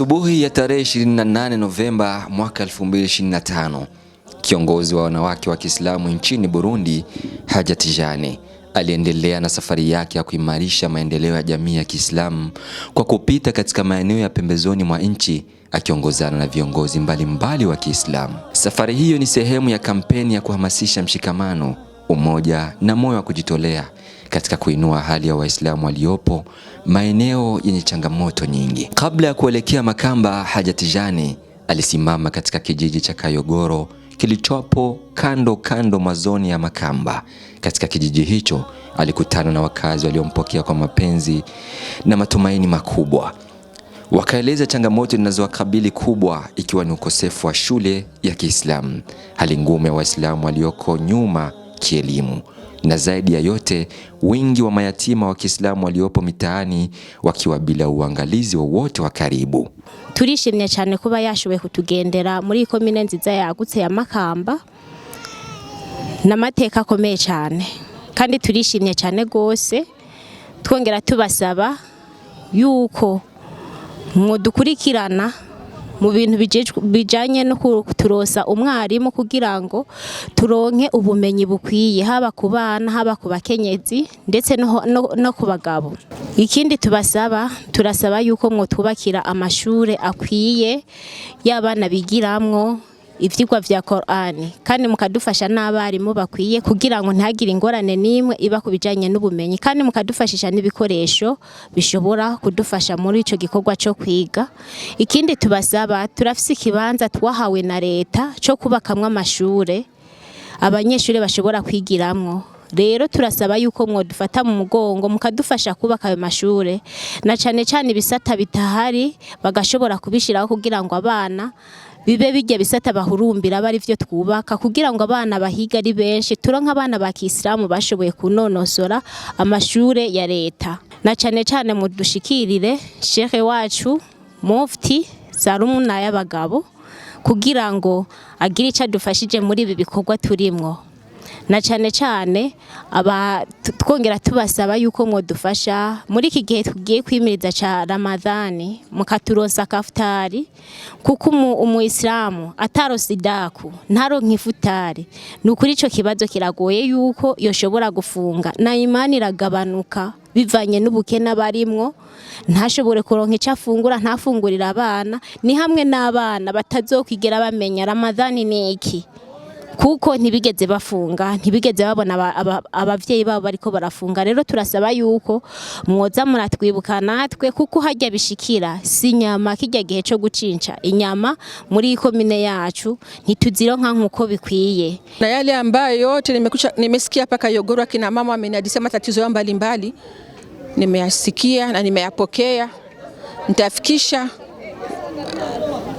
Asubuhi ya tarehe 28 Novemba mwaka 2025, kiongozi wa wanawake wa Kiislamu nchini Burundi, haja Tijani, aliendelea na safari yake ya kuimarisha maendeleo ya jamii ya Kiislamu kwa kupita katika maeneo ya pembezoni mwa nchi akiongozana na viongozi mbalimbali mbali wa Kiislamu. Safari hiyo ni sehemu ya kampeni ya kuhamasisha mshikamano umoja na moyo wa kujitolea katika kuinua hali ya Waislamu waliopo maeneo yenye changamoto nyingi. Kabla ya kuelekea Makamba, Haja Tijani alisimama katika kijiji cha Kayogoro kilichopo kando kando mazoni ya Makamba. Katika kijiji hicho alikutana na wakazi waliompokea kwa mapenzi na matumaini makubwa. Wakaeleza changamoto zinazowakabili kubwa, ikiwa ni ukosefu wa shule ya Kiislamu, hali ngumu ya Waislamu walioko nyuma kielimu na zaidi ya yote, wingi wa mayatima wa Kiislamu waliopo mitaani wakiwa bila uangalizi wowote wa, wa karibu. Turishimye cyane kuba yashoboye kutugendera muri komine nziza yagutse ya Makamba n'amateka akomeye cyane kandi turishimye cyane rwose, twongera tubasaba yuko mwodukurikirana mu bintu bijyanye no kuturosa umwarimu kugira ngo turonke ubumenyi bukwiye haba ku bana haba ku bakenyezi ndetse no ku bagabo ikindi tubasaba turasaba yuko mwotwubakira amashuri akwiye y'abana bigiramwo ibyigwa vya Korani kandi mukadufasha n'abarimu bakwiye kugira ngo ntihagire ingorane n'imwe iba kubijanye n'ubumenyi kandi mukadufashisha n'ibikoresho bishobora kudufasha muri ico gikorwa cyo kwiga ikindi tubasaba turafise ikibanza twahawe na leta cyo kubakamwa amashure abanyeshuri bashobora kwigiramwo rero turasaba yuko dufata mu mugongo mukadufasha kubaka ayo mashure na cane cane ibisata bitahari bagashobora kubishiraho kugira ngo abana bibe bijya bisata bahurumbira bari aribyo twubaka kugira ngo abana bahiga ari benshi turonka abana ba bashoboye kunonosora amashure ya leta na cane cane mudushikirire shehe wacu mufti na y'abagabo kugira ngo agire icyo adufashije muri ibi bikorwa turimo na cyane cyane twongera tubasaba yuko mwadufasha muri iki gihe tugiye kwimiriza cya ramadhani mukaturonsa kafutari kuko umuyisilamu atarose idaku ntaronke ifutari ni ukuri icyo kibazo kiragoye yuko yoshobora gufunga na imani iragabanuka bivanye n'ubukene abarimwo ntashobore kuronka icyo afungura ntafungurira abana ni hamwe n'abana batazokwigera bamenya ramadhani ni iki kuko ntibigeze bafunga ntibigeze babona ababyeyi babo bariko barafunga rero turasaba yuko mwoza muratwibuka natwe kuko hajya bishikira si inyama kijya gihe cyo gucinca inyama muri komine yacu nka nkuko bikwiye. Na yale ambayo yote nimesikia paka Yogoro akina mama amenadisema matatizo yao mbalimbali nimeyasikia na nimeyapokea, nitafikisha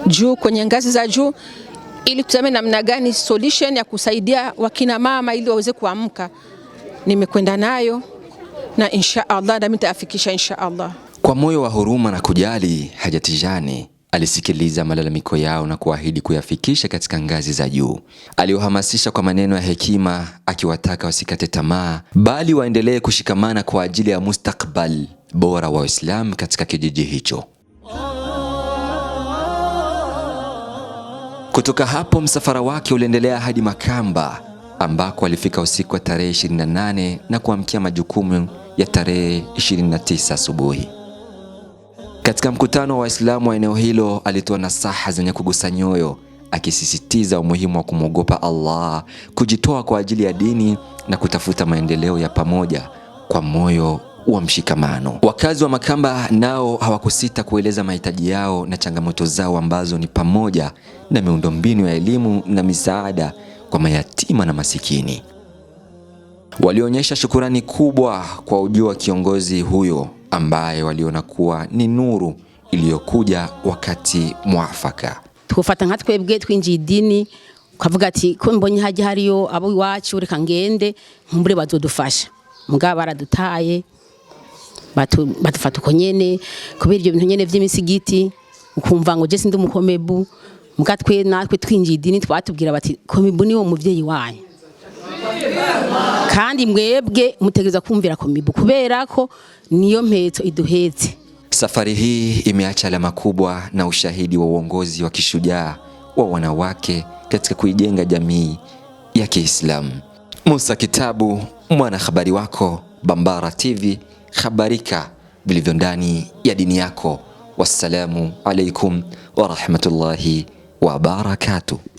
juu kwenye ngazi za juu. ili tuseme namna gani solution ya kusaidia wakina mama ili waweze kuamka. Nimekwenda nayo na insha Allah nami nitaafikisha insha Allah. Kwa moyo wa huruma na kujali, Hajatijani alisikiliza malalamiko yao na kuahidi kuyafikisha katika ngazi za juu. Aliwahamasisha kwa maneno ya hekima, akiwataka wasikate tamaa, bali waendelee kushikamana kwa ajili ya mustakbal bora wa Uislamu katika kijiji hicho. Kutoka hapo msafara wake uliendelea hadi Makamba ambako alifika usiku wa tarehe 28 na kuamkia majukumu ya tarehe 29 asubuhi. Katika mkutano wa Waislamu wa eneo hilo alitoa nasaha zenye kugusa nyoyo, akisisitiza umuhimu wa kumwogopa Allah, kujitoa kwa ajili ya dini na kutafuta maendeleo ya pamoja kwa moyo wa mshikamano. Wakazi wa Makamba nao hawakusita kueleza mahitaji yao na changamoto zao ambazo ni pamoja na miundombinu ya elimu na misaada kwa mayatima na masikini. Walionyesha shukurani kubwa kwa ujio wa kiongozi huyo ambaye waliona kuwa ni nuru iliyokuja wakati mwafaka. tukufata nka twebwe twinjiye idini ukavuga ati ko mbonye hajya hariyo abo iwacu reka ngende nkumbure bazodufasha mugaba baradutaye badufata uko nyine kubera ibyo bintu nyine by'imisigiti ukumva ngo jesi ndi umukomebu mbwa twe natwe twinjiye idini twatubwira bati komebu niwo mubyeyi wanyu kandi mwebwe mutegereza kumvira komebu kubera ko niyo mpetso iduhetse safari hii imeacha alama kubwa na ushahidi wa uongozi wa kishujaa wa wanawake katika kuijenga jamii ya Kiislamu. Musa Kitabu, mwanahabari wako Bambara TV. habarika vilivyo ndani ya dini yako. Wassalamu alaikum warahmatullahi wabarakatuh.